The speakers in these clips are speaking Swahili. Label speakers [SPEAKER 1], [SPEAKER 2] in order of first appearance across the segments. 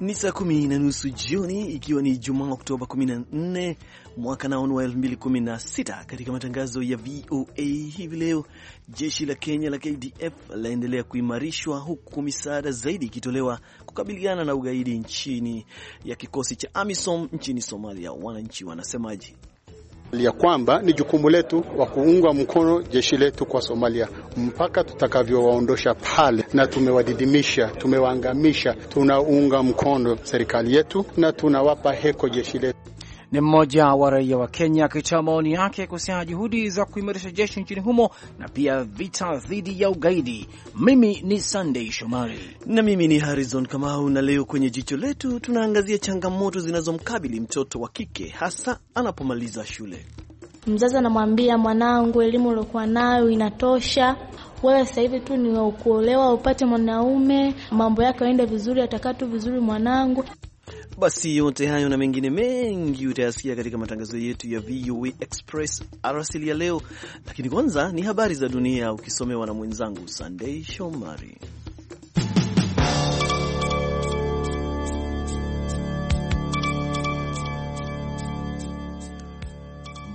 [SPEAKER 1] Ni saa kumi na nusu jioni ikiwa ni Jumaa Oktoba 14 mwaka naon wa 2016. Katika matangazo ya VOA hivi leo, jeshi la Kenya la KDF laendelea kuimarishwa huku misaada zaidi ikitolewa kukabiliana na ugaidi nchini ya kikosi cha AMISOM nchini Somalia. Wananchi wanasemaje? ya kwamba
[SPEAKER 2] ni jukumu letu wa kuunga mkono jeshi letu kwa Somalia mpaka tutakavyowaondosha pale, na tumewadidimisha, tumewaangamisha. Tunaunga mkono serikali yetu na tunawapa heko jeshi letu.
[SPEAKER 3] Ni mmoja wa raia wa Kenya akitoa maoni yake kuhusiana na juhudi za kuimarisha jeshi nchini humo na pia vita dhidi ya ugaidi. Mimi ni Sunday Shomari na mimi ni Harrison Kamau, na leo kwenye jicho letu
[SPEAKER 1] tunaangazia changamoto zinazomkabili mtoto wa kike hasa anapomaliza shule.
[SPEAKER 4] Mzazi anamwambia mwanangu, elimu uliokuwa nayo inatosha wewe sasa hivi tu ni wa kuolewa upate mwanaume, mambo yake aende vizuri, atakaa tu vizuri mwanangu.
[SPEAKER 1] Basi yote hayo na mengine mengi utayasikia katika matangazo yetu ya VOA Express arasili ya leo, lakini kwanza ni habari za dunia ukisomewa na mwenzangu Sandei Shomari.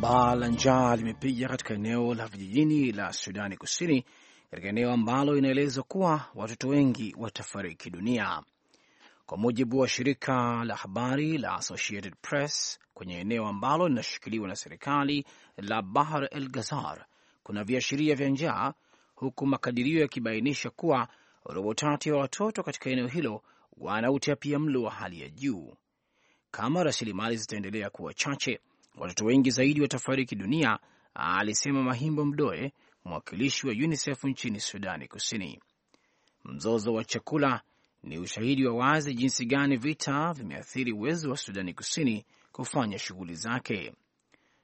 [SPEAKER 5] Baa la
[SPEAKER 3] njaa limepiga katika eneo la vijijini la Sudani Kusini, katika eneo ambalo inaelezwa kuwa watoto wengi watafariki dunia kwa mujibu wa shirika la habari la Associated Press. Kwenye eneo ambalo linashikiliwa na serikali la bahar el Ghazal kuna viashiria vya njaa, huku makadirio yakibainisha kuwa robo tatu ya watoto katika eneo hilo wana utapia mlo wa hali ya juu. Kama rasilimali zitaendelea kuwa chache, watoto wengi zaidi watafariki dunia, alisema Mahimbo Mdoe, mwakilishi wa UNICEF nchini Sudani Kusini. Mzozo wa chakula ni ushahidi wa wazi jinsi gani vita vimeathiri uwezo wa Sudani Kusini kufanya shughuli zake.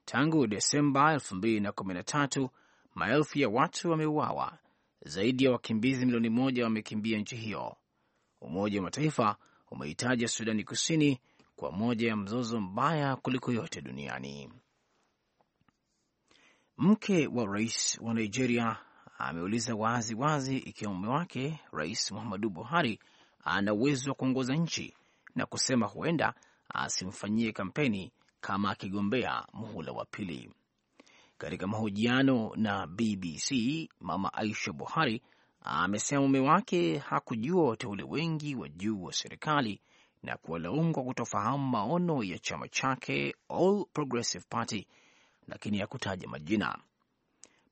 [SPEAKER 3] Tangu Desemba 2013 maelfu ya watu wameuawa, zaidi ya wakimbizi milioni moja wamekimbia nchi hiyo. Umoja wa Mataifa umehitaja Sudani Kusini kwa moja ya mzozo mbaya kuliko yote duniani. Mke wa rais wa Nigeria ameuliza wazi wazi ikiwa mume wake Rais Muhammadu Buhari ana uwezo wa kuongoza nchi na kusema huenda asimfanyie kampeni kama akigombea muhula wa pili. Katika mahojiano na BBC, Mama Aisha Buhari amesema mume wake hakujua wateule wengi wa juu wa serikali na kuwalaumu kwa kutofahamu maono ya chama chake All Progressive Party, lakini hakutaja majina.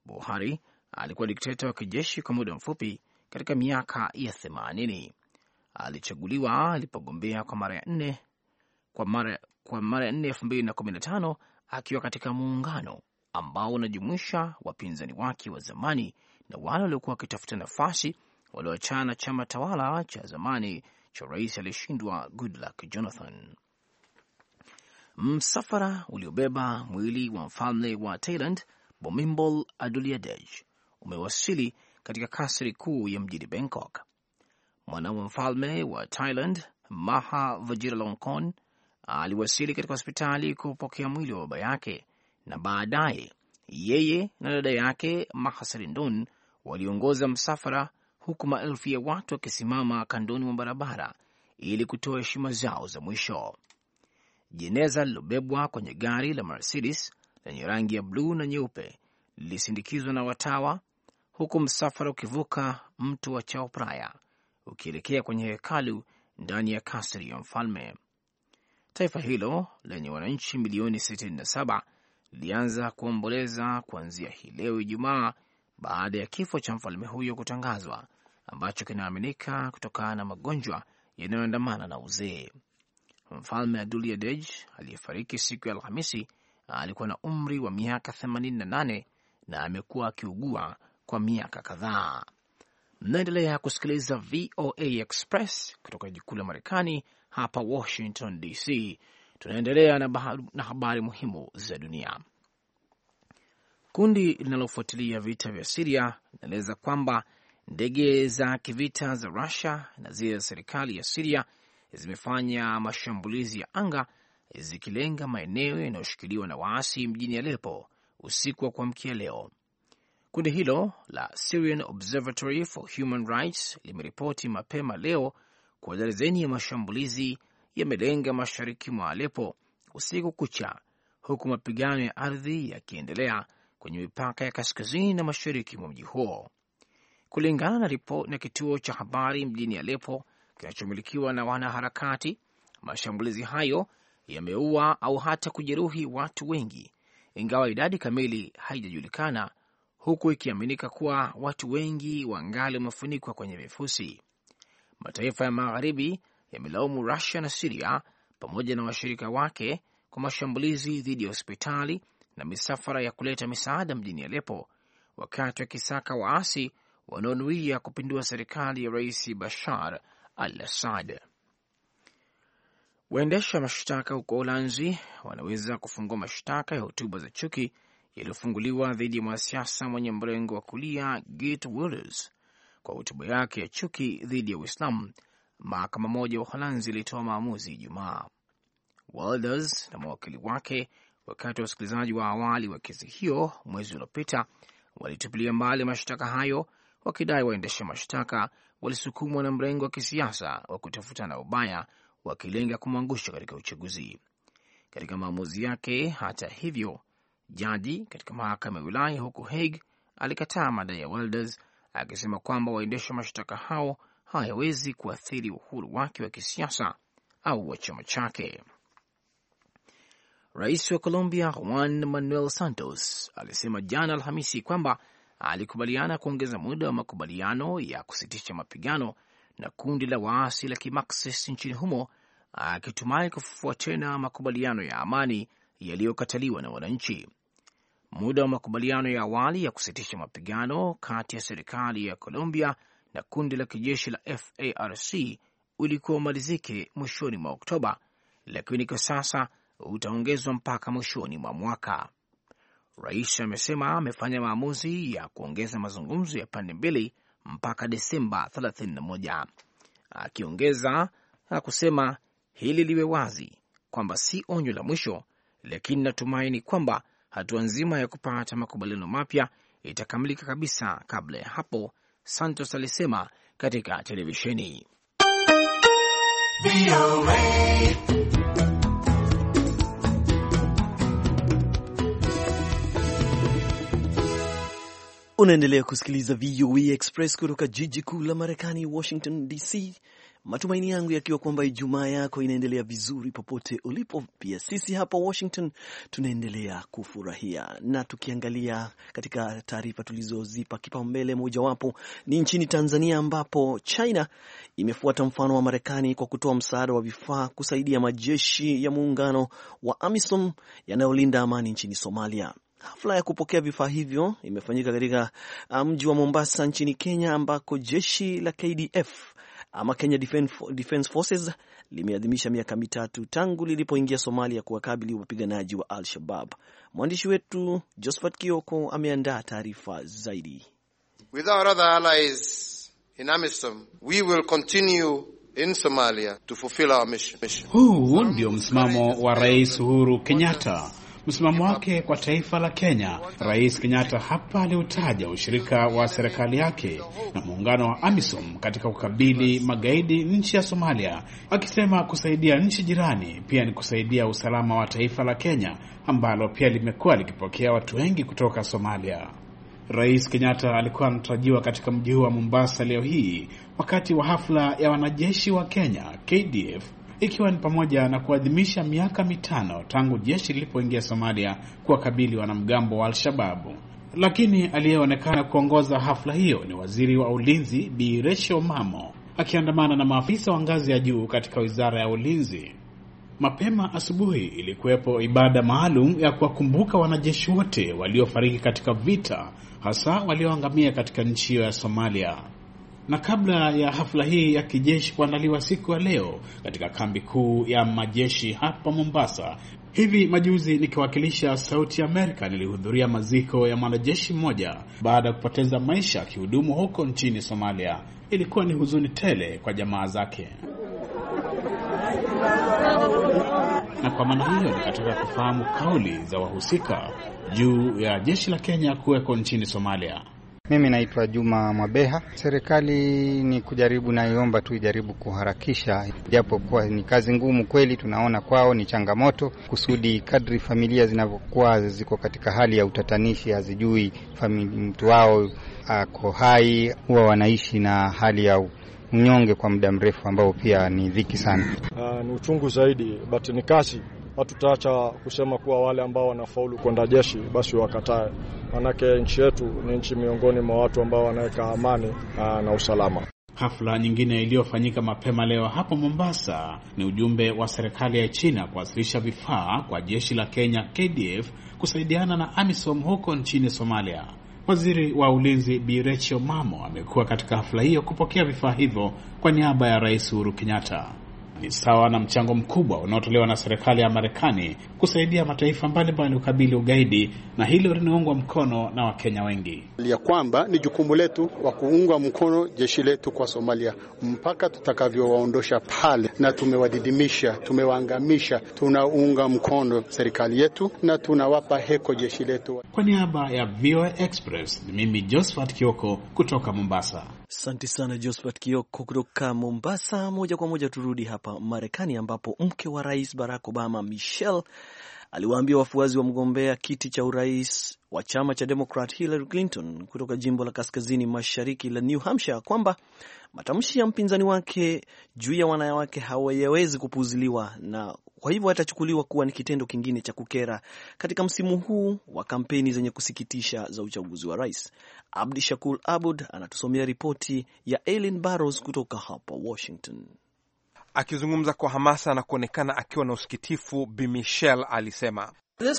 [SPEAKER 3] Buhari alikuwa dikteta wa kijeshi kwa muda mfupi katika miaka ya themanini alichaguliwa alipogombea kwa mara ya nne kwa mara, kwa mara ya nne elfu mbili na kumi na tano akiwa katika muungano ambao unajumuisha wapinzani wake wa zamani na wale waliokuwa wakitafuta nafasi walioachana na chama tawala cha zamani cha rais aliyeshindwa Goodluck Jonathan. Msafara uliobeba mwili wa mfalme wa Thailand Bomimbol Adulyadej umewasili katika kasri kuu ya mjini Bangkok. Mwanawe mfalme wa Thailand Maha Vajiralongkorn aliwasili katika hospitali kupokea mwili wa baba yake, na baadaye yeye na dada yake Maha Serindon waliongoza msafara, huku maelfu ya watu wakisimama kandoni mwa barabara ili kutoa heshima zao za mwisho. Jeneza lilobebwa kwenye gari la Mercedes lenye rangi ya bluu na nyeupe lilisindikizwa na watawa, huku msafara ukivuka mto wa Chao Phraya ukielekea kwenye hekalu ndani ya kasri ya mfalme. Taifa hilo lenye wananchi milioni 67 lilianza kuomboleza kuanzia hii leo Ijumaa baada ya kifo cha mfalme huyo kutangazwa, ambacho kinaaminika kutokana na magonjwa yanayoandamana na uzee. Mfalme Aduliadej aliyefariki siku ya Alhamisi alikuwa na umri wa miaka 88 na amekuwa akiugua kwa miaka kadhaa. Mnaendelea kusikiliza VOA Express kutoka jiji kuu la Marekani hapa Washington DC. Tunaendelea na, na habari muhimu za dunia. Kundi linalofuatilia vita vya Siria linaeleza kwamba ndege za kivita za Rusia na zile za serikali ya Siria zimefanya mashambulizi ya anga zikilenga maeneo yanayoshikiliwa na waasi mjini Alepo usiku wa kuamkia leo, Kundi hilo la Syrian Observatory for Human Rights limeripoti mapema leo kwa darizeni ya mashambulizi yamelenga mashariki mwa Alepo usiku kucha, huku mapigano ya ardhi yakiendelea kwenye mipaka ya kaskazini na mashariki mwa mji huo, kulingana na ripoti na kituo cha habari mjini Alepo kinachomilikiwa na wanaharakati. Mashambulizi hayo yameua au hata kujeruhi watu wengi, ingawa idadi kamili haijajulikana huku ikiaminika kuwa watu wengi wangali wamefunikwa kwenye vifusi. Mataifa ya Magharibi yamelaumu Rusia na Siria pamoja na washirika wake kwa mashambulizi dhidi ya hospitali na misafara ya kuleta misaada mjini Alepo, wakati wakisaka waasi wanaonuia kupindua serikali ya Rais Bashar al Assad. Waendesha mashtaka huko ulanzi wanaweza kufungua mashtaka ya hotuba za chuki yaliyofunguliwa dhidi ya mwanasiasa mwenye mrengo wa kulia Geert Wilders kwa hotuba yake ya chuki dhidi ya Uislamu. Mahakama moja wa Uholanzi ilitoa maamuzi Ijumaa. Wilders na mawakili wake, wakati wa usikilizaji wa awali wa kesi hiyo mwezi uliopita, walitupilia mbali mashtaka hayo, wakidai waendesha mashtaka walisukumwa na mrengo wa kisiasa wa kutafuta na ubaya, wakilenga kumwangusha katika uchaguzi. Katika maamuzi yake, hata hivyo, Jadi katika mahakama ya wilaya huko Hague alikataa madai ya Wilders akisema kwamba waendesha mashtaka hao hawawezi kuathiri uhuru wake wa kisiasa au wa chama chake. Rais wa Colombia Juan Manuel Santos alisema jana Alhamisi kwamba alikubaliana kuongeza muda wa makubaliano ya kusitisha mapigano na kundi la waasi la Kimaxis nchini humo, akitumai kufufua tena makubaliano ya amani yaliyokataliwa na wananchi. Muda wa makubaliano ya awali ya kusitisha mapigano kati ya serikali ya Colombia na kundi la kijeshi la FARC ulikuwa umalizike mwishoni mwa Oktoba, lakini kwa sasa utaongezwa mpaka mwishoni mwa mwaka. Rais amesema amefanya maamuzi ya kuongeza mazungumzo ya pande mbili mpaka Desemba 31, akiongeza na kusema hili liwe wazi kwamba si onyo la mwisho lakini natumaini kwamba hatua nzima ya kupata makubaliano mapya itakamilika kabisa kabla ya hapo, Santos alisema katika televisheni.
[SPEAKER 1] Unaendelea kusikiliza VOA e Express kutoka jiji kuu la Marekani, Washington DC, matumaini yangu yakiwa kwamba Ijumaa yako inaendelea vizuri popote ulipo. Pia sisi hapa Washington tunaendelea kufurahia, na tukiangalia katika taarifa tulizozipa kipaumbele, mojawapo ni nchini Tanzania ambapo China imefuata mfano wa Marekani kwa kutoa msaada wa vifaa kusaidia majeshi ya muungano wa AMISOM yanayolinda amani nchini Somalia. Hafla ya kupokea vifaa hivyo imefanyika katika ah, mji wa Mombasa nchini Kenya, ambako jeshi la KDF ama Kenya Defence Forces limeadhimisha miaka mitatu tangu lilipoingia Somalia kuwakabili wapiganaji wa Al-Shabab. Mwandishi wetu Josephat Kioko ameandaa taarifa zaidi.
[SPEAKER 6] With our other allies in AMISOM, we will continue in Somalia to fulfill our mission.
[SPEAKER 1] Huu
[SPEAKER 2] ndio msimamo wa Rais Uhuru Kenyatta msimamo wake kwa taifa la Kenya. Rais Kenyatta hapa aliutaja ushirika wa serikali yake na muungano wa AMISOM katika kukabili magaidi nchi ya Somalia, akisema kusaidia nchi jirani pia ni kusaidia usalama wa taifa la Kenya ambalo pia limekuwa likipokea watu wengi kutoka Somalia. Rais Kenyatta alikuwa anatarajiwa katika mji huu wa Mombasa leo hii wakati wa hafla ya wanajeshi wa Kenya KDF ikiwa ni pamoja na kuadhimisha miaka mitano tangu jeshi lilipoingia Somalia kuwakabili wanamgambo wa Al-Shababu. Lakini aliyeonekana kuongoza hafla hiyo ni waziri wa ulinzi Bi Resho Mamo akiandamana na maafisa wa ngazi ya juu katika wizara ya ulinzi. Mapema asubuhi ilikuwepo ibada maalum ya kuwakumbuka wanajeshi wote waliofariki katika vita, hasa walioangamia katika nchi hiyo ya Somalia. Na kabla ya hafla hii ya kijeshi kuandaliwa siku ya leo katika kambi kuu ya majeshi hapa Mombasa, hivi majuzi nikiwakilisha Sauti Amerika nilihudhuria maziko ya mwanajeshi mmoja baada ya kupoteza maisha akihudumu huko nchini Somalia. Ilikuwa ni huzuni tele kwa jamaa zake na kwa maana hiyo nikataka kufahamu kauli za wahusika juu ya jeshi la Kenya kuweko nchini Somalia.
[SPEAKER 6] Mimi naitwa Juma Mwabeha. Serikali ni kujaribu, naiomba tu ijaribu kuharakisha, japo kuwa ni kazi ngumu kweli, tunaona kwao ni changamoto, kusudi kadri familia zinavyokuwa ziko katika hali ya utatanishi, hazijui mtu wao ako hai, huwa wanaishi na hali ya unyonge kwa muda mrefu, ambao pia ni dhiki sana.
[SPEAKER 7] Aa, ah, ni uchungu zaidi,
[SPEAKER 3] but ni kazi hatutaacha kusema kuwa wale ambao wanafaulu kwenda jeshi basi wakatae, manake nchi yetu ni nchi miongoni mwa watu ambao wanaweka amani ah, na usalama.
[SPEAKER 2] Hafla nyingine iliyofanyika mapema leo hapo Mombasa ni ujumbe wa serikali ya China kuwasilisha vifaa kwa jeshi la Kenya KDF kusaidiana na AMISOM huko nchini Somalia. Waziri wa Ulinzi Birecho Mamo amekuwa katika hafla hiyo kupokea vifaa hivyo kwa niaba ya Rais Uhuru Kenyatta ni sawa na mchango mkubwa unaotolewa na serikali ya Marekani kusaidia mataifa mbalimbali kukabili ugaidi, na hilo linaungwa mkono na Wakenya wengi, ya kwamba ni jukumu letu wa kuunga mkono jeshi letu kwa Somalia mpaka tutakavyowaondosha pale, na tumewadidimisha, tumewaangamisha. Tunaunga mkono serikali yetu na tunawapa heko jeshi letu. Kwa niaba ya VOA Express, mimi Josephat Kioko kutoka Mombasa.
[SPEAKER 1] Asante sana Josphat Kioko kutoka Mombasa. Moja kwa moja turudi hapa Marekani, ambapo mke wa rais Barack Obama, Michelle aliwaambia wafuasi wa mgombea kiti cha urais wa chama cha Demokrat Hillary Clinton kutoka jimbo la kaskazini mashariki la New Hampshire kwamba matamshi ya mpinzani wake juu ya wanawake hawayawezi kupuuziliwa na kwa hivyo atachukuliwa kuwa ni kitendo kingine cha kukera katika msimu huu wa kampeni zenye kusikitisha za uchaguzi wa rais. Abdi Shakur Abud anatusomea ripoti ya
[SPEAKER 6] elin Barros kutoka hapa Washington. Akizungumza kwa hamasa na kuonekana akiwa na usikitifu, Bi Michel alisema
[SPEAKER 3] hili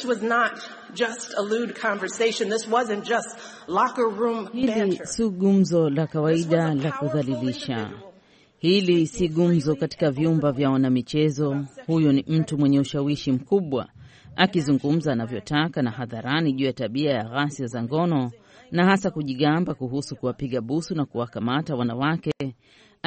[SPEAKER 8] si gumzo la kawaida la kudhalilisha. Hili si gumzo katika vyumba vya wanamichezo. Huyu ni mtu mwenye ushawishi mkubwa akizungumza anavyotaka na hadharani juu ya tabia ya ghasia za ngono na hasa kujigamba kuhusu kuwapiga busu na kuwakamata wanawake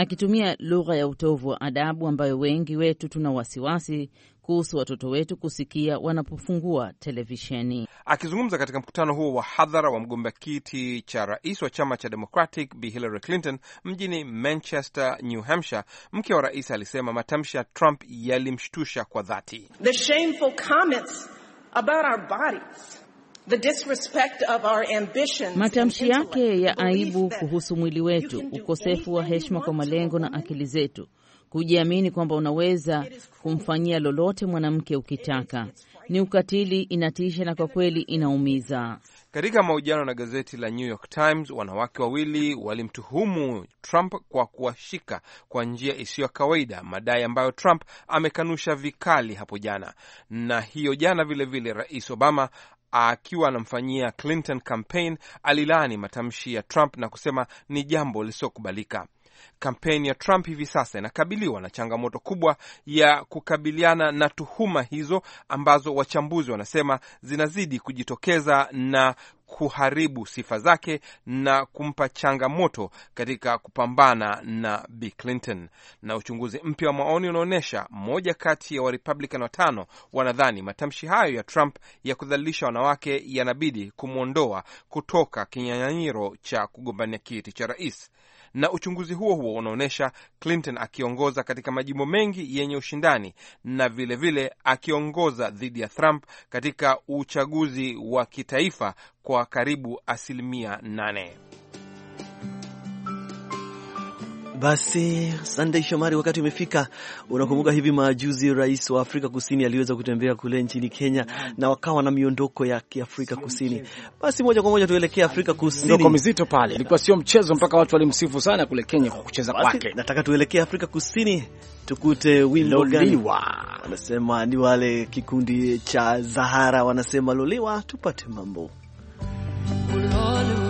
[SPEAKER 8] akitumia lugha ya utovu wa adabu ambayo wengi wetu tuna wasiwasi kuhusu watoto wetu kusikia wanapofungua televisheni.
[SPEAKER 6] Akizungumza katika mkutano huo wa hadhara wa mgombea kiti cha rais wa chama cha Democratic Bi Hillary Clinton mjini Manchester, New Hampshire, mke wa rais alisema matamshi ya Trump yalimshtusha kwa dhati.
[SPEAKER 3] The shameful comments about our bodies
[SPEAKER 8] Matamshi yake ya aibu kuhusu mwili wetu, ukosefu wa heshima kwa malengo na akili zetu, kujiamini kwamba unaweza kumfanyia lolote mwanamke ukitaka, ni ukatili, inatisha na kwa kweli inaumiza.
[SPEAKER 6] Katika mahojiano na gazeti la New York Times, wanawake wawili walimtuhumu Trump kwa kuwashika kwa njia isiyo ya kawaida, madai ambayo Trump amekanusha vikali hapo jana. Na hiyo jana vilevile, Rais Obama akiwa anamfanyia Clinton campaign alilaani matamshi ya Trump na kusema ni jambo lisiokubalika Kampeni ya Trump hivi sasa inakabiliwa na changamoto kubwa ya kukabiliana na tuhuma hizo ambazo wachambuzi wanasema zinazidi kujitokeza na kuharibu sifa zake na kumpa changamoto katika kupambana na b Clinton. Na uchunguzi mpya wa maoni unaonyesha mmoja kati ya Warepublican watano wanadhani matamshi hayo ya Trump ya kudhalilisha wanawake yanabidi kumwondoa kutoka kinyang'anyiro cha kugombania kiti cha rais na uchunguzi huo huo unaonyesha Clinton akiongoza katika majimbo mengi yenye ushindani na vilevile vile akiongoza dhidi ya Trump katika uchaguzi wa kitaifa kwa karibu asilimia nane.
[SPEAKER 1] Basi Sunday Shomari, wakati umefika. Unakumbuka hivi majuzi rais wa Afrika Kusini aliweza kutembea kule nchini Kenya na wakawa na miondoko ya Kiafrika Kusini. Basi moja kwa moja tuelekee Afrika Kusini. Miondoko mizito pale. Ilikuwa sio mchezo mpaka watu walimsifu sana kule Kenya kwa kucheza kwake. Nataka tuelekee Afrika Kusini tukute wimbo gani? Wanasema ni wale kikundi cha Zahara wanasema loliwa, tupate mambo.
[SPEAKER 5] Ulolu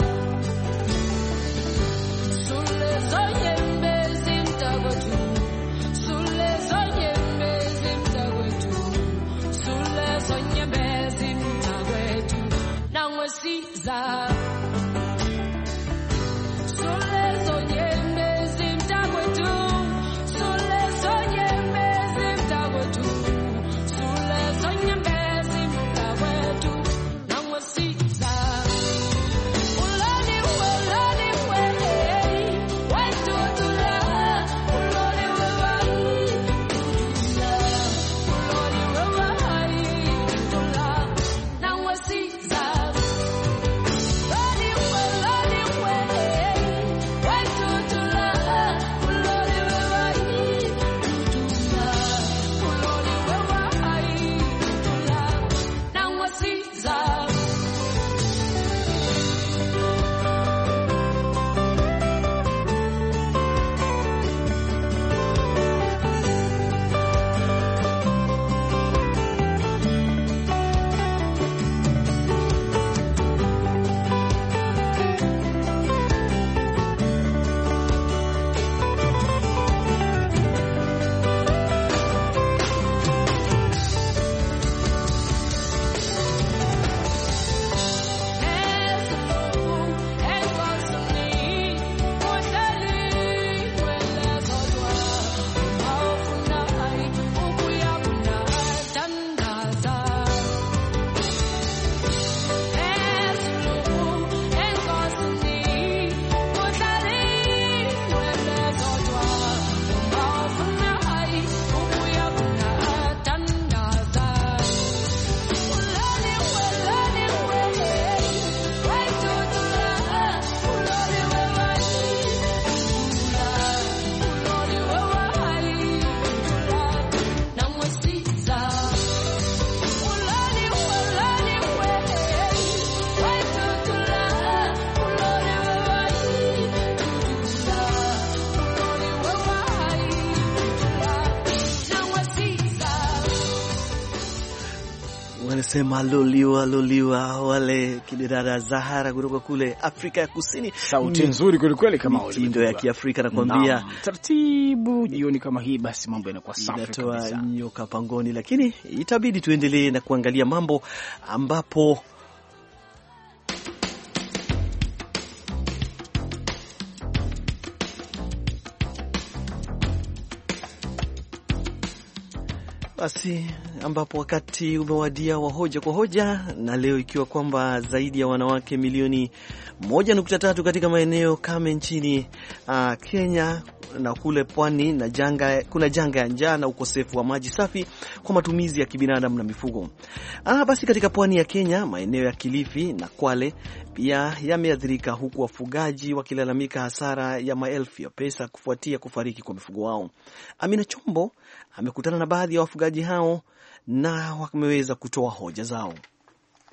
[SPEAKER 1] wanasema loliwa loliwa, wale kidada Zahara kutoka kule Afrika ya Kusini. Sauti nzuri kweli
[SPEAKER 3] kweli, kama mitindo
[SPEAKER 1] ya Kiafrika nakwambia,
[SPEAKER 3] taratibu. Jioni kama hii, basi mambo yanakuwa safi kabisa, inatoa nyoka
[SPEAKER 1] pangoni, lakini itabidi tuendelee na kuangalia mambo ambapo Basi ambapo wakati umewadia wa hoja kwa hoja, na leo ikiwa kwamba zaidi ya wanawake milioni 1.3 katika maeneo kame nchini uh, Kenya na kule pwani na janga, kuna janga ya njaa na ukosefu wa maji safi kwa matumizi ya kibinadamu na mifugo. Ah, basi katika pwani ya Kenya maeneo ya Kilifi na Kwale pia yameathirika, huku wafugaji wakilalamika hasara ya maelfu ya pesa kufuatia kufariki kwa mifugo wao. Amina Chombo amekutana na baadhi ya wafugaji
[SPEAKER 9] hao na wameweza kutoa hoja zao.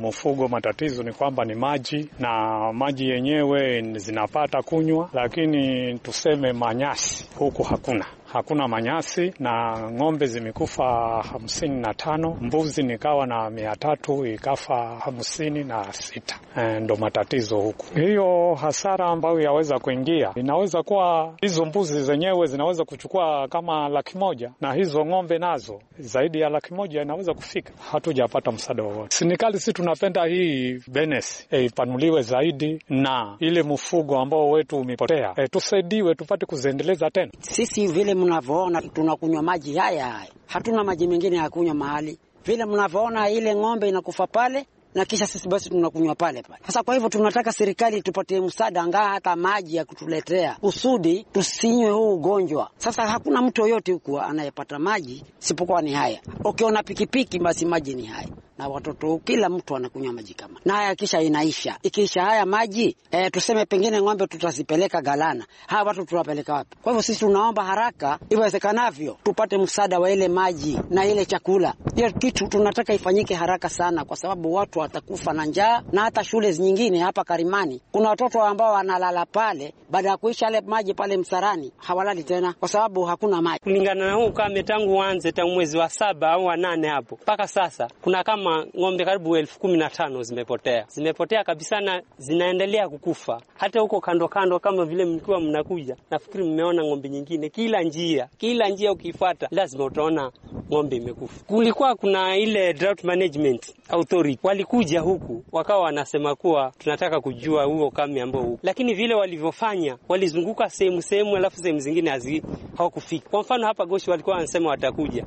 [SPEAKER 9] Mfugo matatizo ni kwamba ni maji na maji yenyewe zinapata kunywa, lakini tuseme manyasi huku hakuna hakuna manyasi na ng'ombe zimekufa hamsini na tano, mbuzi nikawa na mia tatu ikafa hamsini na sita. E, ndo matatizo huku. Hiyo hasara ambayo yaweza kuingia inaweza kuwa hizo mbuzi zenyewe zinaweza kuchukua kama laki moja na hizo ng'ombe nazo zaidi ya laki moja inaweza kufika. Hatujapata msaada wowote. sinikali si tunapenda hii benesi eh, ipanuliwe e, zaidi na ile mfugo ambao wetu umepotea e, tusaidiwe tupate
[SPEAKER 7] kuziendeleza tena sisi vile mnavyoona tunakunywa maji haya haya, hatuna maji mengine ya kunywa mahali vile mnavyoona. Ile ng'ombe inakufa pale na kisha sisi basi tunakunywa pale pale. Sasa kwa hivyo tunataka serikali tupatie msaada, angaa hata maji ya kutuletea usudi tusinywe huu ugonjwa. Sasa hakuna mtu yoyote huku anayepata maji sipokuwa ni haya. Ukiona pikipiki, basi maji ni haya na watoto, kila mtu anakunywa maji kama na haya, kisha inaisha. Ikiisha haya maji e, tuseme pengine ng'ombe tutazipeleka Galana, hawa watu tutawapeleka wapi? Kwa hivyo sisi tunaomba haraka iwezekanavyo tupate msaada wa ile maji na ile chakula. Hiyo kitu tunataka ifanyike haraka sana, kwa sababu watu watakufa na njaa, na hata shule nyingine hapa Karimani kuna watoto ambao wanalala pale, baada ya kuisha ile maji pale msarani hawalali tena, kwa sababu hakuna maji. Kulingana
[SPEAKER 10] na huu kame, tangu uanze tangu mwezi wa saba au wa nane hapo mpaka sasa kuna kama kama ng'ombe karibu elfu kumi na tano zimepotea, zimepotea kabisa na zinaendelea kukufa. Hata huko kando kando, kama vile mkiwa mnakuja, nafikiri mmeona ng'ombe nyingine. Kila njia, kila njia ukifuata lazima utaona ng'ombe imekufa. Kulikuwa kuna ile drought management authority walikuja huku wakawa wanasema kuwa tunataka kujua huo ukame ambao huku, lakini vile walivyofanya walizunguka sehemu sehemu, alafu sehemu zingine hazii hawakufika. Kwa mfano hapa Goshi walikuwa wanasema watakuja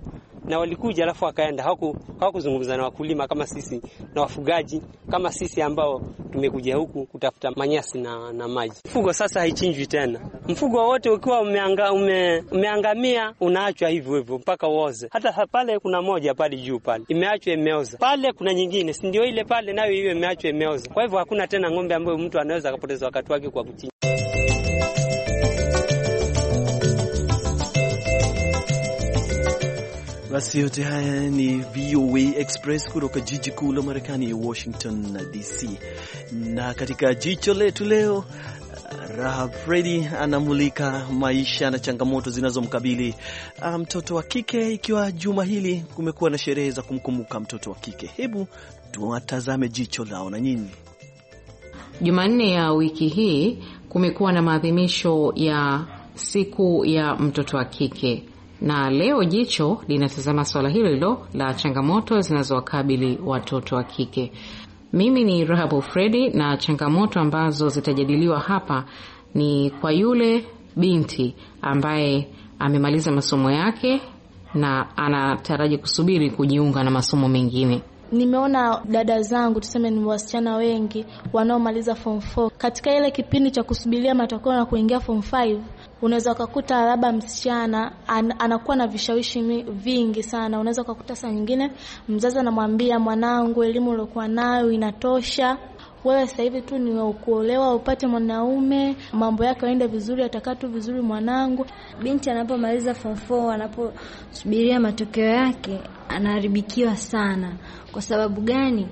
[SPEAKER 10] na walikuja alafu wakaenda, hawakuzungumza na wakulima kama sisi na wafugaji kama sisi ambao tumekuja huku kutafuta manyasi na, na maji. Mfugo sasa haichinjwi tena, mfugo wote ukiwa umeanga, ume, umeangamia unaachwa hivyo hivyo mpaka uoze. Hata pale kuna moja pale juu pale imeachwa imeoza, pale kuna nyingine, si ndio ile pale nayo hiyo imeachwa imeoza. Kwa hivyo hakuna tena ng'ombe ambayo mtu anaweza akapoteza wakati wake kwa kuchinja.
[SPEAKER 1] Basi yote haya ni VOA Express kutoka jiji kuu la Marekani, Washington DC. Na katika jicho letu leo, Raha Fredi anamulika maisha na changamoto zinazomkabili ah, mtoto wa kike, ikiwa juma hili kumekuwa na sherehe za kumkumbuka mtoto wa kike. Hebu tuwatazame jicho lao na nyinyi.
[SPEAKER 8] Jumanne ya wiki hii kumekuwa na maadhimisho ya siku ya mtoto wa kike na leo jicho linatazama swala hilo hilo la changamoto zinazowakabili watoto wa kike. Mimi ni Rahabu Fredi, na changamoto ambazo zitajadiliwa hapa ni kwa yule binti ambaye amemaliza masomo yake na anataraji kusubiri kujiunga na masomo mengine.
[SPEAKER 4] Nimeona dada zangu, tuseme ni wasichana wengi wanaomaliza form 4 katika ile kipindi cha kusubiria matokeo na kuingia form unaweza ukakuta labda msichana an, anakuwa na vishawishi vingi sana. Unaweza ukakuta saa nyingine mzazi anamwambia mwanangu, elimu uliokuwa nayo inatosha wewe sasa hivi tu ni ukuolewa upate mwanaume, mambo yake yaende vizuri, atakaa tu vizuri mwanangu. Binti anapomaliza form four, anaposubiria matokeo yake,
[SPEAKER 11] anaharibikiwa sana. Kwa sababu gani?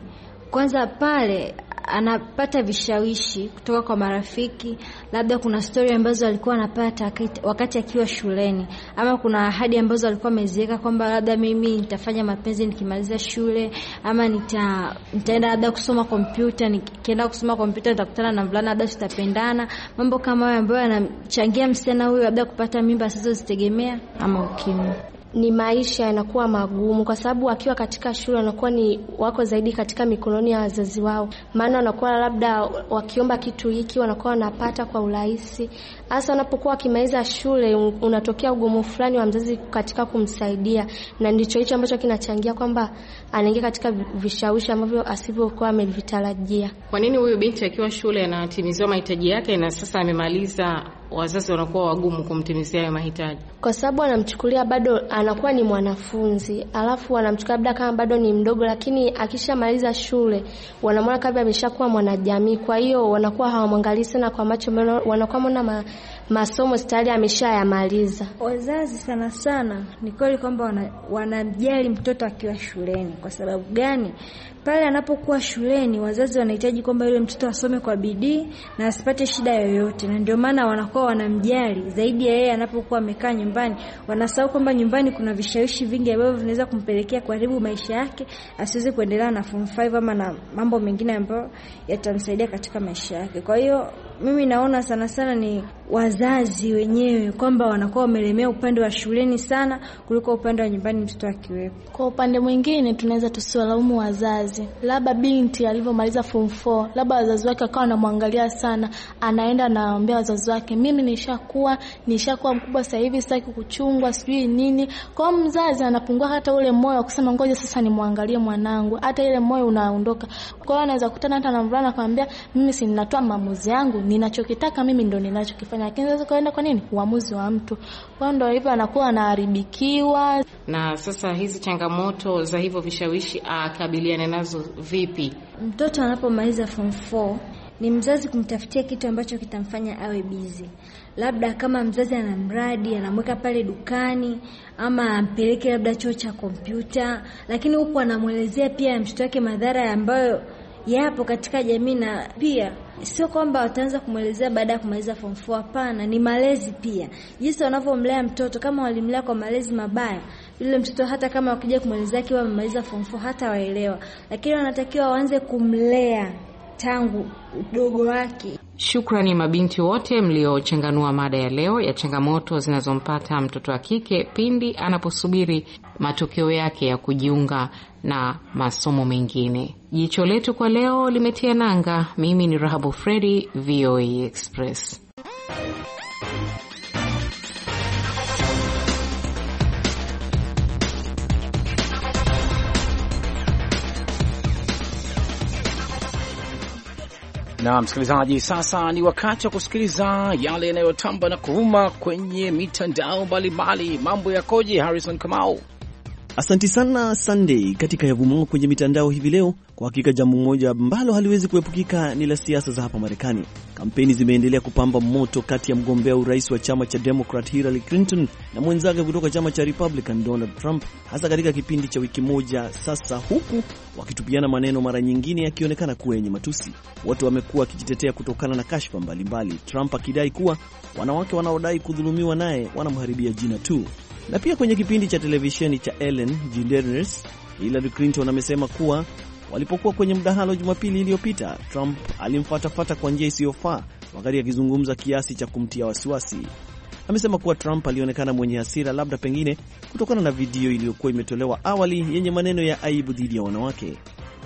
[SPEAKER 11] Kwanza pale anapata vishawishi kutoka kwa marafiki, labda kuna stori ambazo alikuwa anapata wakati akiwa shuleni, ama kuna ahadi ambazo alikuwa ameziweka kwamba labda mimi nitafanya mapenzi nikimaliza shule, ama nita, nitaenda labda kusoma kompyuta. Nikienda kusoma kompyuta nitakutana na mvulana, labda tutapendana. Mambo kama hayo ambayo yanamchangia msichana
[SPEAKER 4] huyu labda kupata mimba asizozitegemea
[SPEAKER 11] ama ukimwi
[SPEAKER 4] ni maisha yanakuwa magumu, kwa sababu akiwa katika shule wanakuwa ni wako zaidi katika mikononi ya wazazi wao, maana wanakuwa labda wakiomba kitu hiki wanakuwa wanapata kwa urahisi. Hasa wanapokuwa wakimaliza shule, unatokea ugumu fulani wa mzazi katika kumsaidia, na ndicho hicho ambacho kinachangia kwamba anaingia katika vishawishi ambavyo asivyokuwa amevitarajia.
[SPEAKER 8] Kwa nini huyu binti akiwa shule anatimiziwa mahitaji yake na sasa amemaliza wazazi wanakuwa wagumu kumtimizia hayo mahitaji,
[SPEAKER 4] kwa sababu anamchukulia bado anakuwa ni mwanafunzi, alafu wanamchukulia labda kama bado ni mdogo, lakini akishamaliza shule wanamwona kabla ameshakuwa mwanajamii. Kwa hiyo wanakuwa hawamwangalii sana kwa macho, wanakuwa mona ma, masomo tayari ameshayamaliza.
[SPEAKER 11] Wazazi sana sana, ni kweli kwamba wanamjali wana mtoto akiwa shuleni. Kwa sababu gani? Pale anapokuwa shuleni, wazazi wanahitaji kwamba yule mtoto asome kwa bidii na asipate shida yoyote, na ndio maana wanakuwa wanakuwa wanamjali zaidi ya yeye anapokuwa amekaa nyumbani. Wanasahau kwamba nyumbani kuna vishawishi vingi ambavyo vinaweza kumpelekea kuharibu maisha yake, asiweze kuendelea na form 5 ama na mambo mengine ambayo yatamsaidia katika maisha yake. Kwa hiyo mimi naona sana sana ni wazazi wenyewe
[SPEAKER 4] kwamba wanakuwa wamelemea upande wa shuleni sana kuliko upande wa nyumbani mtoto akiwepo. Kwa upande mwingine, tunaweza tusiwalaumu wazazi, labda binti alivyomaliza form 4 labda wazazi wake wakawa wanamwangalia sana, anaenda anawaambia wazazi wake, mimi nishakuwa nishakuwa mkubwa sasa hivi, sitaki kuchungwa sijui nini. Kwa mzazi anapungua hata ule moyo wa kusema ngoja sasa nimwangalie mwanangu, hata ile moyo unaondoka. Kwa hiyo anaweza kutana hata na mvulana akamwambia, mimi si ninatoa maamuzi yangu ninachokitaka mimi ndo ninachokifanya, lakini sasa kaenda kwa nini uamuzi wa mtu kwao, ndo hivyo anakuwa anaharibikiwa.
[SPEAKER 8] Na sasa hizi changamoto za hivyo vishawishi akabiliane nazo vipi?
[SPEAKER 4] Mtoto anapomaliza form
[SPEAKER 11] 4 ni mzazi kumtafutia kitu ambacho kitamfanya awe bizi. Labda kama mzazi ana mradi anamweka pale dukani, ama ampeleke labda chuo cha kompyuta, lakini huku anamwelezea pia mtoto wake madhara ambayo yapo katika jamii na pia sio kwamba wataanza kumwelezea baada ya kumaliza form 4. Hapana, ni malezi pia, jinsi wanavyomlea mtoto. Kama walimlea kwa malezi mabaya, yule mtoto hata kama wakija kumwelezea akiwa amemaliza form 4 hata waelewa, lakini wanatakiwa waanze kumlea tangu udogo wake.
[SPEAKER 8] Shukrani mabinti wote mliochanganua mada ya leo ya changamoto zinazompata mtoto wa kike pindi anaposubiri matokeo yake ya kujiunga na masomo mengine. Jicho letu kwa leo limetia nanga. Mimi ni Rahabu Fredi, VOA Express.
[SPEAKER 3] na msikilizaji, sasa ni wakati wa kusikiliza yale yanayotamba na kuvuma kwenye mitandao mbalimbali. Mambo yakoje, Harrison Kamau?
[SPEAKER 1] Asanti sana Sunday. Katika yavumua kwenye mitandao hivi leo, kwa hakika jambo moja ambalo haliwezi kuepukika ni la siasa za hapa Marekani. Kampeni zimeendelea kupamba moto kati ya mgombea urais wa chama cha Democrat Hillary Clinton na mwenzake kutoka chama cha Republican Donald Trump, hasa katika kipindi cha wiki moja sasa, huku wakitupiana maneno, mara nyingine yakionekana kuwa yenye matusi. Watu wamekuwa wakijitetea kutokana na kashfa mbalimbali, Trump akidai kuwa wanawake wanaodai kudhulumiwa naye wanamharibia jina tu. Na pia kwenye kipindi cha televisheni cha Ellen DeGeneres Hillary Clinton amesema kuwa Walipokuwa kwenye mdahalo Jumapili iliyopita, Trump alimfuatafuta kwa njia isiyofaa wakati akizungumza kiasi cha kumtia wasiwasi. Amesema kuwa Trump alionekana mwenye hasira, labda pengine kutokana na video iliyokuwa imetolewa awali yenye maneno ya aibu dhidi ya wanawake.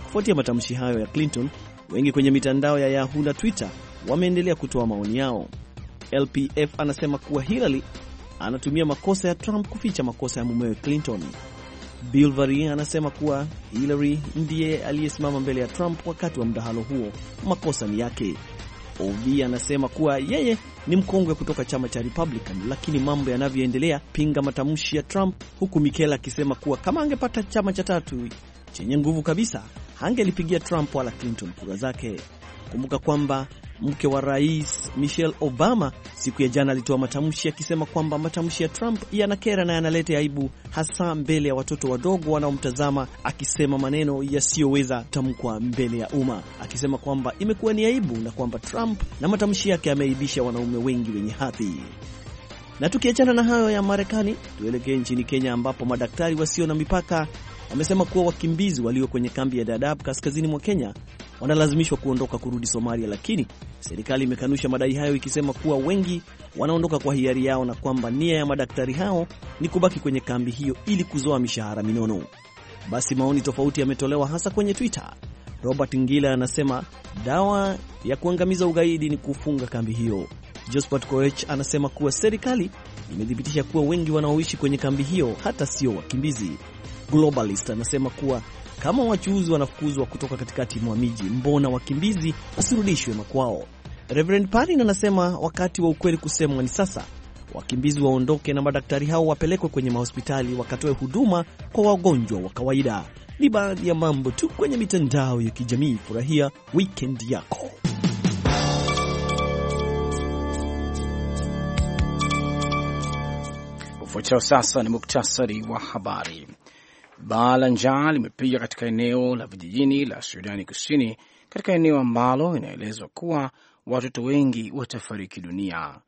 [SPEAKER 1] Kufuatia matamshi hayo ya Clinton, wengi kwenye mitandao ya Yahoo na Twitter wameendelea kutoa maoni yao. LPF anasema kuwa Hillary anatumia makosa ya Trump kuficha makosa ya mumewe Clinton bilvary anasema kuwa Hillary ndiye aliyesimama mbele ya Trump wakati wa mdahalo huo, makosa ni yake. ov anasema kuwa yeye ni mkongwe kutoka chama cha Republican, lakini mambo yanavyoendelea pinga matamshi ya Trump, huku Mikel akisema kuwa kama angepata chama cha tatu chenye nguvu kabisa hangelipigia Trump wala Clinton kura zake. Kumbuka kwamba mke wa rais Michelle Obama siku ya jana alitoa matamshi akisema kwamba matamshi ya Trump yanakera na yanaleta aibu hasa mbele ya watoto wadogo wanaomtazama akisema maneno yasiyoweza tamkwa mbele ya umma, akisema kwamba imekuwa ni aibu na kwamba Trump na matamshi yake yameaibisha wanaume wengi wenye hadhi. Na tukiachana na hayo ya Marekani, tuelekee nchini Kenya ambapo madaktari wasio na mipaka wamesema kuwa wakimbizi walio kwenye kambi ya Dadaab kaskazini mwa Kenya wanalazimishwa kuondoka kurudi Somalia, lakini serikali imekanusha madai hayo ikisema kuwa wengi wanaondoka kwa hiari yao na kwamba nia ya madaktari hao ni kubaki kwenye kambi hiyo ili kuzoa mishahara minono. Basi maoni tofauti yametolewa hasa kwenye Twitter. Robert Ngila anasema dawa ya kuangamiza ugaidi ni kufunga kambi hiyo. Josephat Koech anasema kuwa serikali imethibitisha kuwa wengi wanaoishi kwenye kambi hiyo hata sio wakimbizi. Globalist anasema kuwa kama wachuuzi wanafukuzwa kutoka katikati mwa miji, mbona wakimbizi wasirudishwe makwao? Reverend Parin anasema wakati wa ukweli kusemwa ni sasa. Wakimbizi waondoke na madaktari hao wapelekwe kwenye mahospitali wakatoe huduma kwa wagonjwa wa kawaida. Ni baadhi ya mambo tu kwenye mitandao ya kijamii. Furahia wikendi yako.
[SPEAKER 3] Ufuatao sasa ni muktasari wa habari. Baa la njaa limepiga katika eneo la vijijini la Sudani Kusini, katika eneo ambalo inaelezwa kuwa watoto wengi watafariki dunia,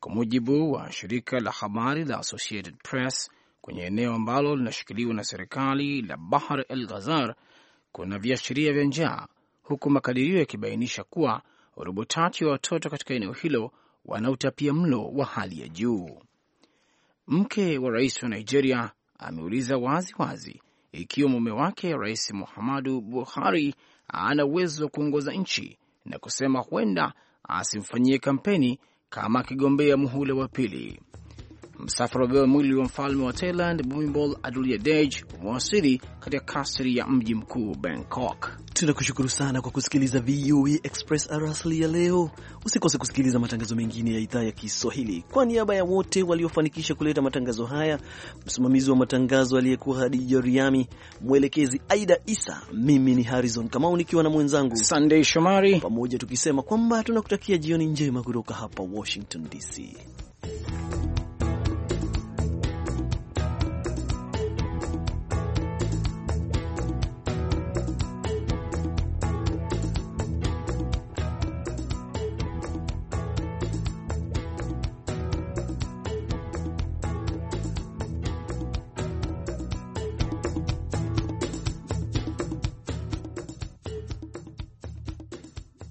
[SPEAKER 3] kwa mujibu wa shirika la habari la Associated Press. Kwenye eneo ambalo linashikiliwa na serikali la Bahar el Ghazar kuna viashiria vya njaa, huku makadirio yakibainisha kuwa robo tatu ya watoto katika eneo hilo wana utapia mlo wa hali ya juu. Mke wa rais wa Nigeria ameuliza wazi wazi ikiwa mume wake Rais Muhammadu Buhari ana uwezo wa kuongoza nchi na kusema huenda asimfanyie kampeni kama akigombea muhula wa pili. Msafara wa mwili wa mfalme wa Thailand Bhumibol Adulyadej umewasili katika kasri ya mji mkuu Bangkok.
[SPEAKER 1] Tunakushukuru sana kwa kusikiliza VOA e Express arasli ya leo. Usikose kusikiliza matangazo mengine ya idhaa ya Kiswahili.
[SPEAKER 3] Kwa niaba ya wote
[SPEAKER 1] waliofanikisha kuleta matangazo haya, msimamizi wa matangazo aliyekuwa hadi Joriami, mwelekezi Aida Isa, mimi ni Harrison Kamau nikiwa na mwenzangu Sandey Shomari, pamoja tukisema kwamba tunakutakia jioni njema kutoka hapa Washington DC.